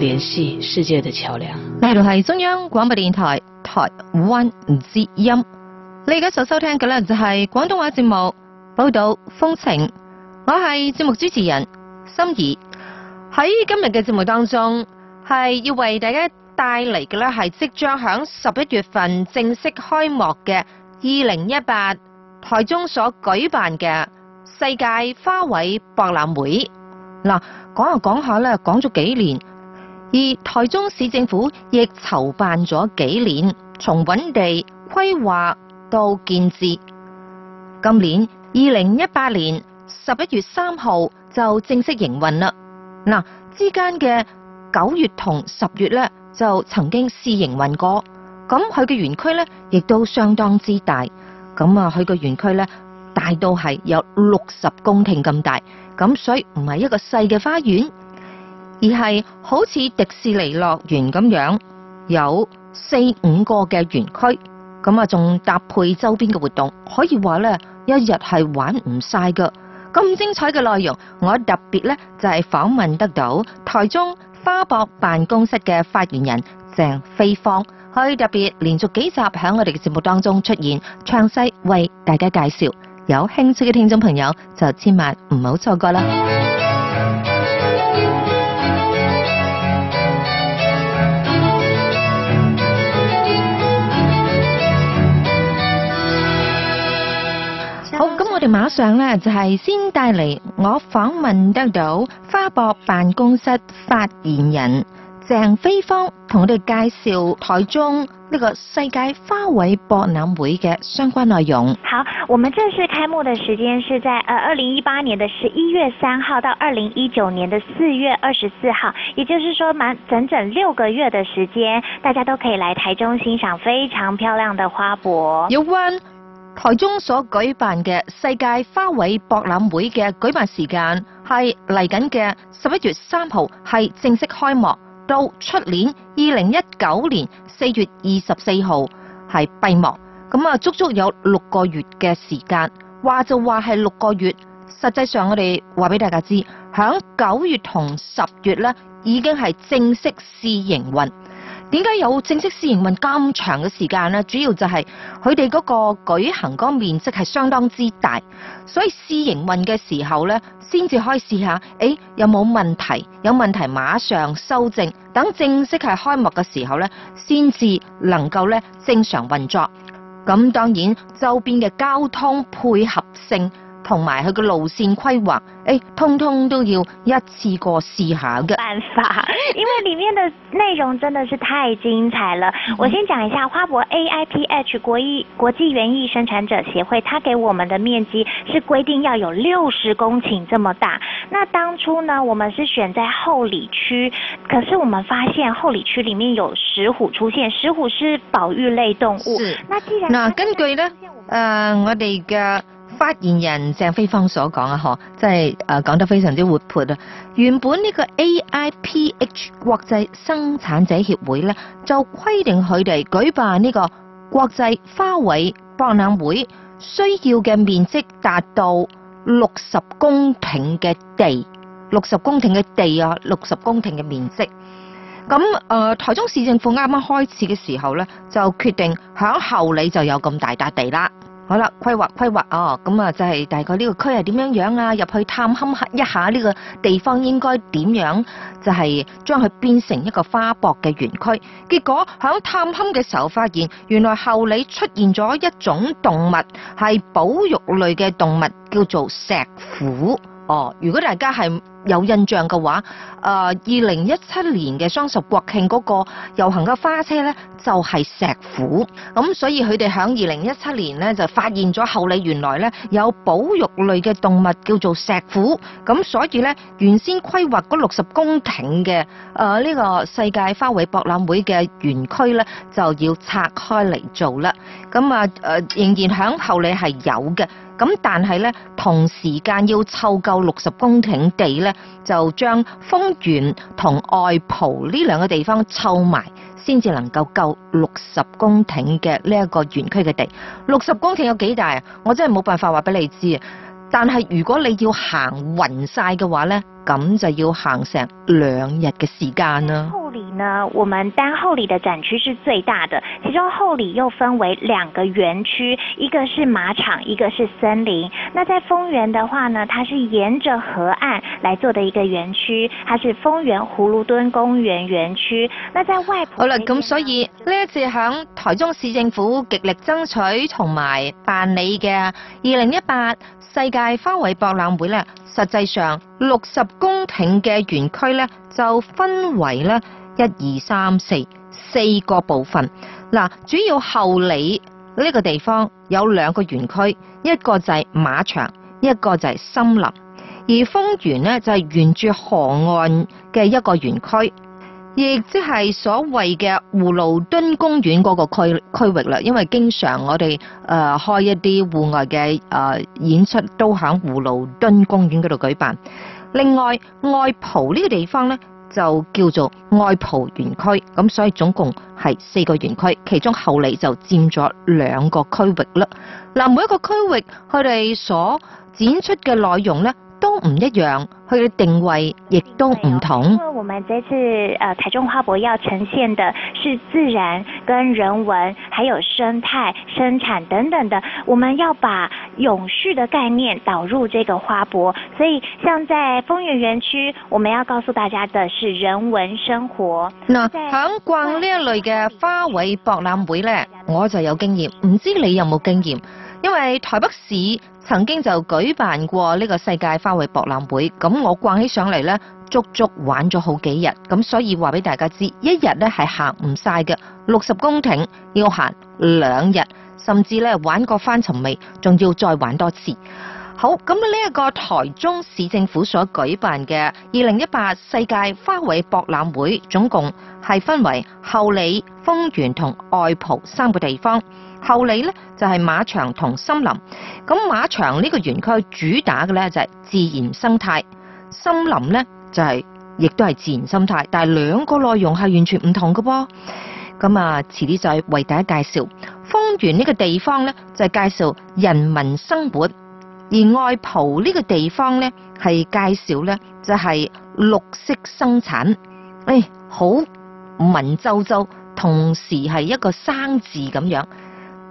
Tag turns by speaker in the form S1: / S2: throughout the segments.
S1: 聯繫世界的橋樑。呢度係中央廣播電台台灣之音，你而家所收聽嘅咧就係廣東話節目報道風情。我係節目主持人心儀，喺今日嘅節目當中，係要為大家帶嚟嘅咧係即將響十一月份正式開幕嘅二零一八台中所舉辦嘅世界花卉博覽會。嗱，講下講下咧，講咗幾年。而台中市政府亦籌辦咗幾年，從揾地規劃到建設，今年二零一八年十一月三號就正式營運啦。嗱，之間嘅九月同十月咧，就曾經試營運過。咁佢嘅園區咧，亦都相當之大。咁啊，佢嘅園區咧，大到係有六十公頃咁大。咁所以唔係一個細嘅花園。而係好似迪士尼樂園咁樣，有四五個嘅園區，咁啊仲搭配周邊嘅活動，可以話呢，一日係玩唔晒噶。咁精彩嘅內容，我特別呢就係訪問得到台中花博辦公室嘅發言人鄭飛芳，佢特別連續幾集喺我哋嘅節目當中出現，詳細為大家介紹。有興趣嘅聽眾朋友就千萬唔好錯過啦！馬上咧就係、是、先帶嚟我訪問得到花博辦公室發言人鄭飛芳，同我哋介紹台中呢個世界花卉博覽會嘅相關內容。
S2: 好，我們正式開幕的時間是在二零一八年嘅十一月三號到二零一九年的四月二十四號，也就是說滿整整六個月嘅時間，大家都可以來台中欣賞非常漂亮嘅花博。
S1: 台中所舉辦嘅世界花卉博覽會嘅舉辦時間係嚟緊嘅十一月三號係正式開幕，到出年二零一九年四月二十四號係閉幕，咁啊足足有六個月嘅時間。話就話係六個月，實際上我哋話俾大家知，響九月同十月咧已經係正式試營運。點解有正式試營運咁長嘅時間咧？主要就係佢哋嗰個舉行嗰面積係相當之大，所以試營運嘅時候咧，先至可以試下，誒有冇問題？有問題馬上修正，等正式係開幕嘅時候咧，先至能夠咧正常運作。咁當然周邊嘅交通配合性。同埋佢個路線規劃，誒、哎，通通都要一次過試下嘅。辦
S2: 法，因為裏面的內容真的是太精彩了。 我先講一下花博 AIPH 國藝國際園藝生產者協會，他給我們的面積是規定要有六十公頃這麼大。那當初呢，我們是選在后里區，可是我們發現后里區裏面有石虎出現，石虎是保育類動物。是。那既
S1: 然，那、啊、根據呢，我呃我哋嘅。發言人鄭飛芳所講啊，嗬，即係誒講得非常之活潑啊！原本呢個 AIPH 國際生產者協會咧，就規定佢哋舉辦呢個國際花卉博覽會需要嘅面積達到六十公頃嘅地，六十公頃嘅地，地啊，六十公頃嘅面積。咁誒、呃，台中市政府啱啱開始嘅時候咧，就決定響后里就有咁大笪地啦。好啦，規劃規劃啊，咁、哦、啊，就係大概呢個區係點樣樣啊？入去探勘一下呢個地方應該點樣？就係將佢變成一個花博嘅園區。結果響探勘嘅時候發現，原來后里出現咗一種動物，係保育類嘅動物，叫做石虎。哦，如果大家係有印象嘅話，誒、呃，二零一七年嘅雙十國慶嗰個遊行嘅花車咧，就係、是、石虎。咁、嗯、所以佢哋喺二零一七年咧就發現咗后里原來咧有保育類嘅動物叫做石虎。咁、嗯、所以咧原先規劃嗰六十公頃嘅誒呢個世界花卉博覽會嘅園區咧就要拆開嚟做啦。咁啊誒，仍然響后里係有嘅。咁但係咧，同時間要湊夠六十公頃地咧，就將豐原同外埔呢兩個地方湊埋，先至能夠夠六十公頃嘅呢一個園區嘅地。六十公頃有幾大啊？我真係冇辦法話俾你知啊！但係如果你要行勻晒嘅話咧，咁就要行成兩日嘅時間啦。
S2: 我們單后里的展區是最大的，其中后里又分為兩個園區，一個是馬場，一個是森林。那在豐原的話呢，它是沿着河岸來做的一個園區，它是豐原葫蘆墩公園園區。那在外埔，好啦，咁所以呢一，就是，次響台中市政府極力爭
S1: 取同埋辦理嘅二零一八世界花卉博覽會呢，實際上六十公頃嘅園區呢就分為呢。一二三四四個部分，嗱，主要後里呢個地方有兩個園區，一個就係馬場，一個就係森林，而豐原呢，就係沿住河岸嘅一個園區，亦即係所謂嘅葫蘆墩公園嗰個區區域啦。因為經常我哋誒開一啲戶外嘅誒演出都喺葫蘆墩公園嗰度舉辦。另外，外埔呢個地方呢。就叫做外埔園區，咁所以總共係四個園區，其中后里就佔咗兩個區域啦。嗱，每一個區域佢哋所展出嘅內容咧都唔一樣。佢嘅定位亦都唔同，因
S2: 為我們這次誒台中花博要呈現的是自然跟人文，還有生態生產等等的，我們要把永續的概念導入這個花博，所以像在豐原園區，我們要告訴大家的是人文生活。嗱，響逛呢一類嘅花卉博覽會呢，
S1: 我就有經驗，唔知你有冇經驗？因為台北市曾經就舉辦過呢個世界花卉博覽會，咁我逛起上嚟咧，足足玩咗好幾日，咁所以話俾大家知，一日咧係行唔晒嘅，六十公頃要行兩日，甚至咧玩過翻尋味，仲要再玩多次。好咁，呢一個台中市政府所舉辦嘅二零一八世界花卉博覽會，總共係分為後里、豐原同外埔三個地方。後里咧就係、是、馬場同森林，咁馬場呢個園區主打嘅咧就係自然生態，森林咧就係、是、亦都係自然生態，但係兩個內容係完全唔同嘅噃。咁啊，遲啲再為大家介紹豐原呢個地方咧，就係、是、介紹人民生活。而外埔呢個地方呢，係介紹呢就係綠色生產，誒，好文縐縐，同時係一個生字咁樣。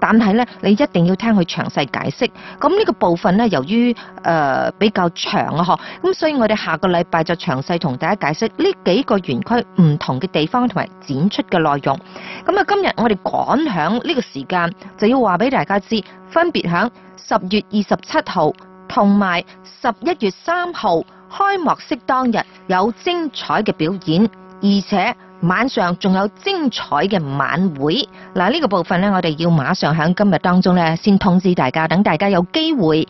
S1: 但係呢，你一定要聽佢詳細解釋。咁呢個部分呢，由於誒比較長啊，嗬，咁所以我哋下個禮拜就詳細同大家解釋呢幾個園區唔同嘅地方同埋展出嘅內容。咁啊，今日我哋趕響呢個時間，就要話俾大家知，分別響。十月二十七號同埋十一月三號開幕式當日有精彩嘅表演，而且晚上仲有精彩嘅晚會。嗱、啊，呢個部分呢，我哋要馬上喺今日當中呢，先通知大家，等大家有機會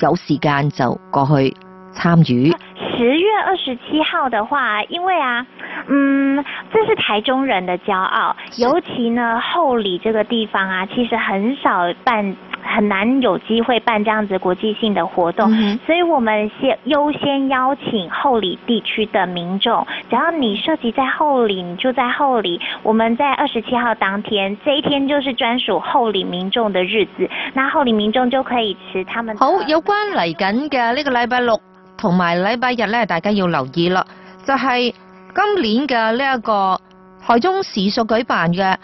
S1: 有時間就過去參與。
S2: 十月二十七號的話，因為啊，嗯，這是台中人的驕傲，尤其呢后里這個地方啊，其實很少辦。很難有機會辦這樣子的國際性的活動，嗯，所以我們先優先邀請後里地區的民眾。只要你涉及在後里，你住在後里，我們在二十七號當天，這一天就是專屬後里民眾的日子。那後里民眾就可以持他們的好，有關嚟緊嘅呢個禮拜六
S1: 同埋禮拜日咧，大家要留意啦，就係、是、今年嘅呢一個台中市舉辦嘅二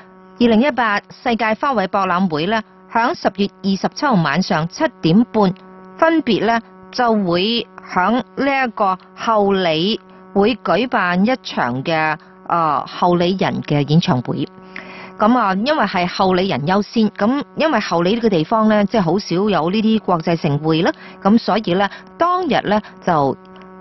S1: 零一八世界花卉博覽會咧。響十月二十七號晚上七點半，分別咧就會喺呢一個后里會舉辦一場嘅誒后里人嘅演唱會。咁啊，因為係后里人優先，咁因為后里呢個地方咧，即係好少有呢啲國際盛會啦。咁所以咧，當日咧就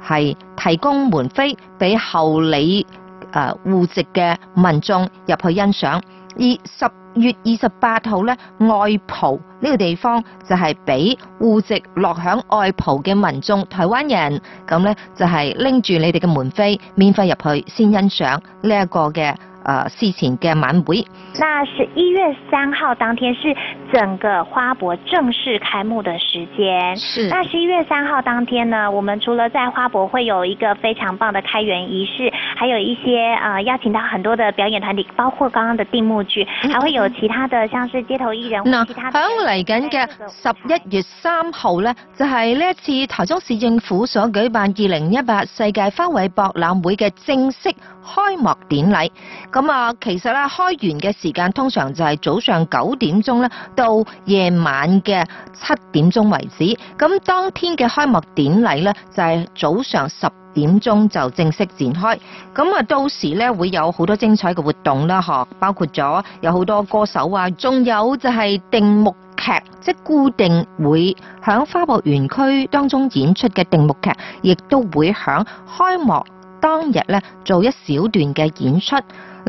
S1: 係提供門飛俾后里誒戶籍嘅民眾入去欣賞。而十月二十八號咧，外埔呢個地方就係畀戶籍落響外埔嘅民眾，台灣人咁咧就係拎住你哋嘅門飛，免費入去先欣賞呢一個嘅。誒、呃，事前嘅晚會，
S2: 那十一月三號當天是整個花博正式開幕的時間。是，那十一月三號當天呢，我們除了在花博會有一個非常棒的開園儀式，還有一些、呃、邀請到很多的表演團體，包括剛剛的閉幕劇，還會有其他的，像是街頭藝人。嗱、嗯，
S1: 響嚟緊
S2: 嘅十一月三號呢，就係呢一次台中市政府
S1: 所舉辦二零一八世界花卉博覽會嘅正式，開幕典禮，咁啊，其實咧開園嘅時間通常就係早上九點鐘咧到夜晚嘅七點鐘為止。咁當天嘅開幕典禮咧就係早上十點鐘就正式展開。咁啊，到時咧會有好多精彩嘅活動啦，嗬，包括咗有好多歌手啊，仲有就係定目劇，即固定會響花博園區當中演出嘅定目劇，亦都會響開幕。當日咧做一小段嘅演出。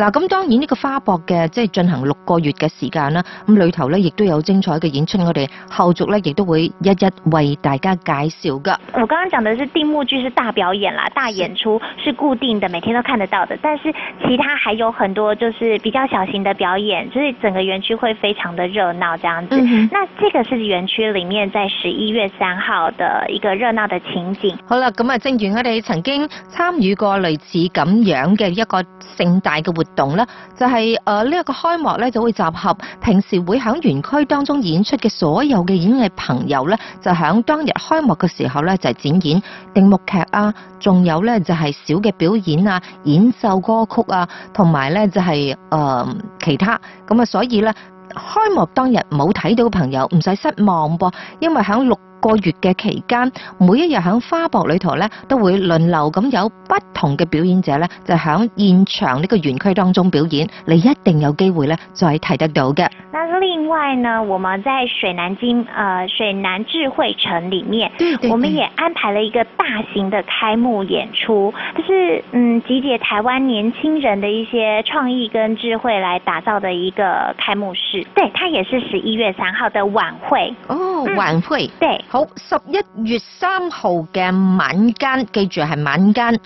S1: 嗱，咁當然呢、這個花博嘅即係進行六個月嘅時間啦，咁裏頭咧亦都有精彩嘅演出，我哋後續咧亦都會一一為大家介紹噶。我
S2: 剛剛講的是定目劇是大表演啦，大演出是固定的，每天都看得到的。但是其他還有很多，就是比較小型的表演，所，就，以，是，整個園區會非常的熱鬧這樣子，嗯。那這個是園區裏面在十一月三號的一個熱鬧的情景。好啦，咁啊，正如我哋曾經參與過類似咁樣嘅一個盛
S1: 大嘅活動。懂咧，就係誒呢一個開幕咧，就會集合平時會喺園區當中演出嘅所有嘅演藝朋友咧，就喺當日開幕嘅時候咧，就係展演定目劇啊，仲有咧就係小嘅表演啊、演奏歌曲啊，同埋咧就係誒其他。咁啊，所以咧開幕當日冇睇到嘅朋友唔使失望噃，因為喺六個月嘅期間，每一日喺花博裏頭咧，都會輪流咁有不同嘅表演者呢，就喺現場呢個園區當中表演，你一定有機會咧再睇得到嘅。
S2: 那另外呢，我們在水南京、呃，水南智慧城裡面，對對對，我們也安排了一個大型的開幕演出，就是嗯，集結台灣年輕人的一些創意跟智慧來打造的一個開幕式。對，它也是十一月三號的晚會。哦，晚、嗯、會，對。好，十一月三號嘅
S1: 晚間，記住係晚間，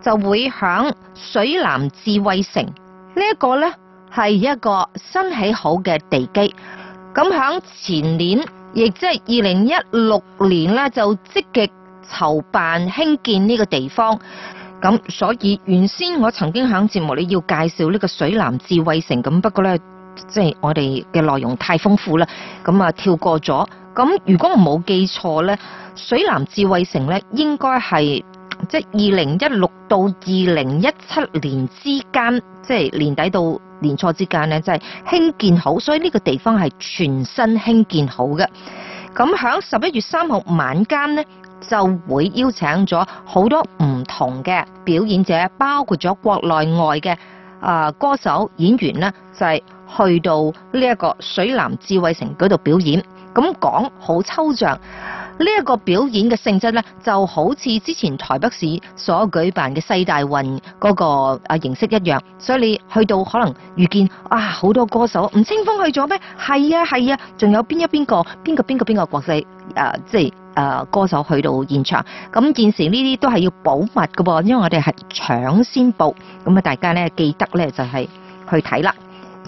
S1: 就會響水南智慧城、這個、呢一個呢，係一個新起好嘅地基。咁響前年，亦即係二零一六年呢，就積極籌辦興建呢個地方。咁所以原先我曾經響節目裏要介紹呢個水南智慧城，咁不過呢，即、就、係、是、我哋嘅內容太豐富啦，咁啊跳過咗。咁如果我冇記錯咧，水南智慧城咧應該係即係二零一六到二零一七年之間，即係年底到年初之間咧，就係興建好，所以呢個地方係全新興建好嘅。咁喺十一月三號晚間咧，就會邀請咗好多唔同嘅表演者，包括咗國內外嘅啊歌手、演員咧，就係去到呢一個水南智慧城嗰度表演。咁講好抽象，呢、這、一個表演嘅性質呢就好似之前台北市所舉辦嘅世大運嗰、那個形式一樣，所以你去到可能遇見啊好多歌手，吳青峰去咗咩？係啊係啊，仲、啊、有邊一邊個邊個邊個邊個國際啊即係啊、呃、歌手去到現場，咁現時呢啲都係要保密嘅噃，因為我哋係搶先報，咁啊大家呢記得呢就係去睇啦。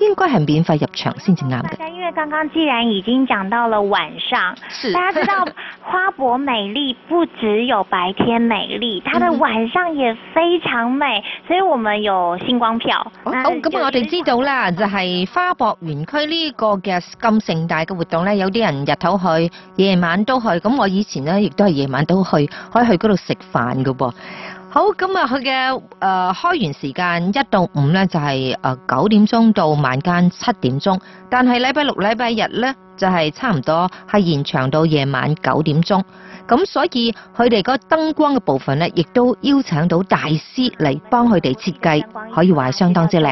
S1: 應該係免費入場先至啱嘅。
S2: 因為剛剛既然已經講到了晚上， 大家知道花博美麗不只有白天美麗，它的晚上也非常美，所以我們有星光票。好、哦，咁、哦、我哋知道啦，就係、是、花博園區呢個嘅咁盛大嘅活
S1: 動呢，有啲人日頭去，夜晚都去。咁我以前呢，亦都係夜晚都去，可以去嗰度食飯㗎噃。好，咁啊，佢嘅誒開園時間一到五咧，就係誒九點鐘到晚間七點鐘，但係禮拜六、禮拜日咧，就係、是、差唔多係延長到夜晚九點鐘。咁所以佢哋個燈光嘅部分咧，亦都邀請到大師嚟幫佢哋設計，可以話相當之靚。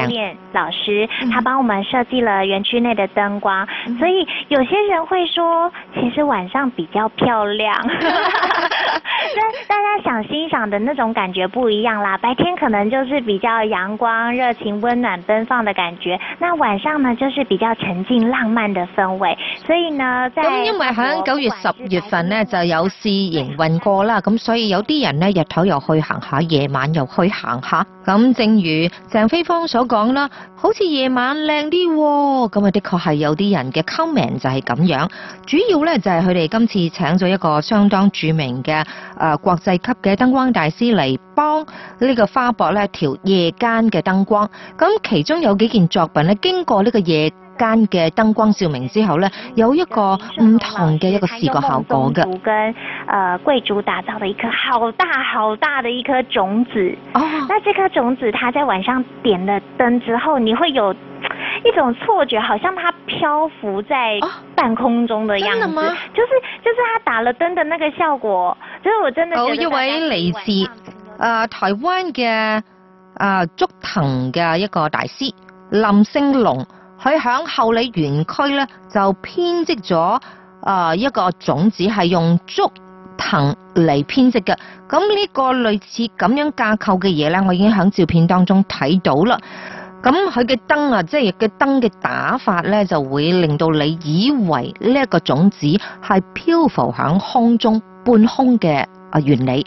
S2: 老師，他幫我們設計了園區內的燈光，所以有些人會說，其實晚上比較漂亮。 大家想欣賞的那種感覺不一樣啦，白天可能就是比較陽光、熱情、溫暖、奔放的感覺，那晚上呢，就是比較沉靜、浪漫的氛圍。所以呢，咁因為響九月十月份呢就有試營運過啦，咁所以
S1: 有啲人呢日頭又去行下，夜晚又去行下。咁正如鄭飛芳所講啦，好似夜晚靚啲，哦，咁啊的確係有啲人嘅 comment 就係咁樣，主要呢，就係佢哋今次請咗一個相當著名嘅。呃國際級嘅燈光大師嚟幫呢個花博呢調夜間嘅燈光，咁、嗯、其中有幾件作品呢經過呢個夜間嘅燈光照明之後呢有一
S2: 個唔同嘅一個視覺效果嘅。跟呃貴族打造的一顆好大好大的一顆種子。哦，那這顆種子，它在晚上點了燈之後，你會有一種錯覺，好像它漂浮在半空中的樣子。真的嗎？就是就是，它、就是、打了燈的那個效果。好，我一位
S1: 嚟自誒、呃、台灣嘅誒、呃、竹藤嘅一個大師林星龍，佢響后里園區咧就編織咗誒、呃、一個種子係用竹藤嚟編織嘅。咁呢個類似咁樣架構嘅嘢咧，我已經響照片當中睇到啦。咁佢嘅燈啊，即係嘅燈嘅打法咧，就會令到你以為呢一個種子係漂浮響空中。半空嘅啊原理，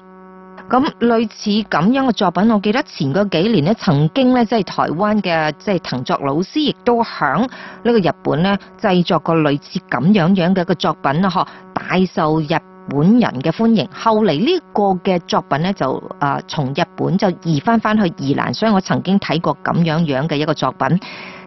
S1: 咁類似咁樣嘅作品，我記得前個幾年咧，曾經咧即係台灣嘅即係藤作老師，亦都響呢個日本咧製作過類似咁樣樣嘅一個作品啊，嗬，大受日本人嘅歡迎。後嚟呢個嘅作品咧就啊從日本就移翻翻去宜蘭，所以我曾經睇過咁樣樣嘅一個作品。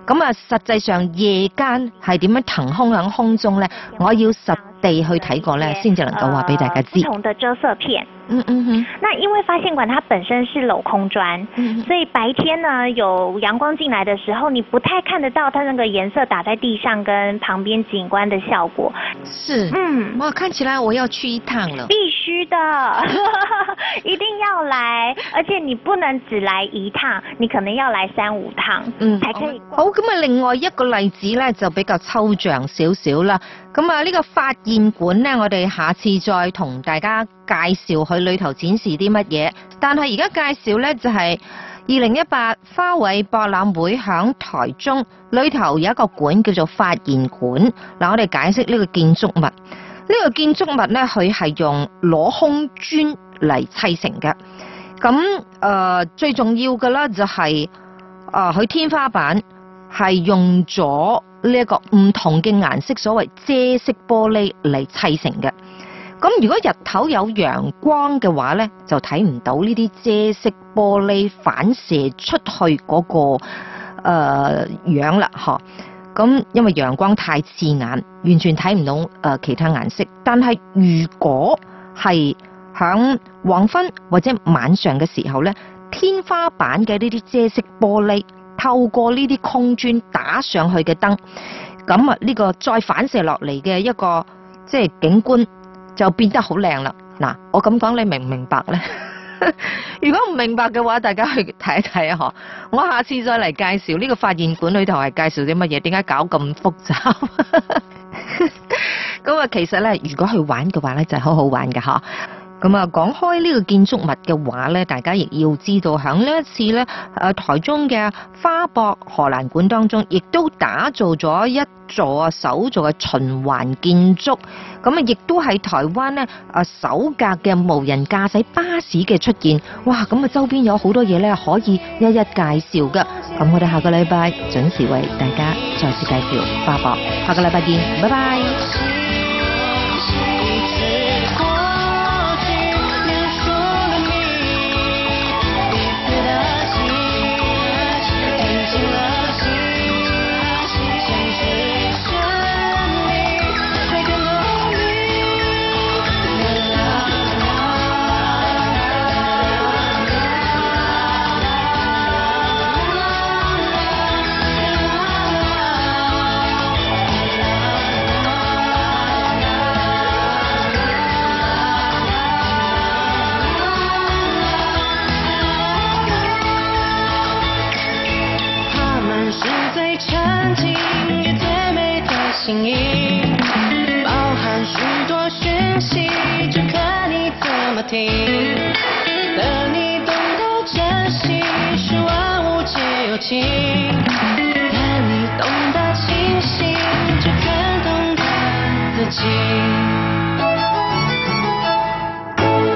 S1: 咁啊，實際上夜間係點樣騰空響空中咧？我要十。你去睇過咧，先至能夠話俾大家知。嗯嗯，唔
S2: 同嘅遮色片。嗯嗯哼、嗯，那因為發現館它本身是鏤空磚，嗯，嗯，所以白天呢有陽光進來的時候，你不太看得到它那個顏色打在地上跟旁邊景觀的效果。是，嗯，哇，看起來我要去一趟了，必須的， 一定要來，而且你不能只來一趟，你可能要來三五趟，嗯，才可以。好，咁啊，另外一個例子咧
S1: 就比較抽象少少啦。咁啊，呢個發現館咧，我哋下次再同大家。介紹佢裏頭展示啲乜嘢，但係而家介紹呢就係二零一八花卉博覽會響台中裏頭有一個館叫做發現館。嗱，我哋解釋呢個建築物，呢、呢個建築物呢，佢係用攞空磚嚟砌成嘅，咁、呃、誒最重要嘅啦就係誒佢天花板係用咗呢一個唔同嘅顏色所謂遮色玻璃嚟砌成嘅。咁如果日頭有陽光嘅話咧，就睇唔到呢啲遮色玻璃反射出去嗰、那個誒、呃、樣啦。嚇、嗯、咁，因為陽光太刺眼，完全睇唔到誒、呃、其他顏色。但係如果係響黃昏或者晚上嘅時候咧，天花板嘅呢啲遮色玻璃透過呢啲空磚打上去嘅燈，咁啊呢個再反射落嚟嘅一個即係景觀。就是就變得好靚啦！嗱，我咁講你明唔明白咧？ 如果唔明白嘅話，大家去睇一睇啊！嗬，我下次再嚟介紹呢、這個發現館裏頭係介紹啲乜嘢，點解搞咁複雜咁啊， 其實咧，如果去玩嘅話咧，就係、是、好好玩嘅嗬。咁啊，講開呢個建築物嘅話咧，大家亦要知道喺呢一次咧，誒，台中嘅花博荷蘭館當中，亦都打造咗一座啊首座嘅循環建築。咁啊，亦都係台灣咧啊首架嘅無人駕駛巴士嘅出現。哇！咁啊，周邊有好多嘢咧可以一一介紹㗎。咁我哋下個禮拜準時為大家再次介紹花博。下個禮拜見，拜拜。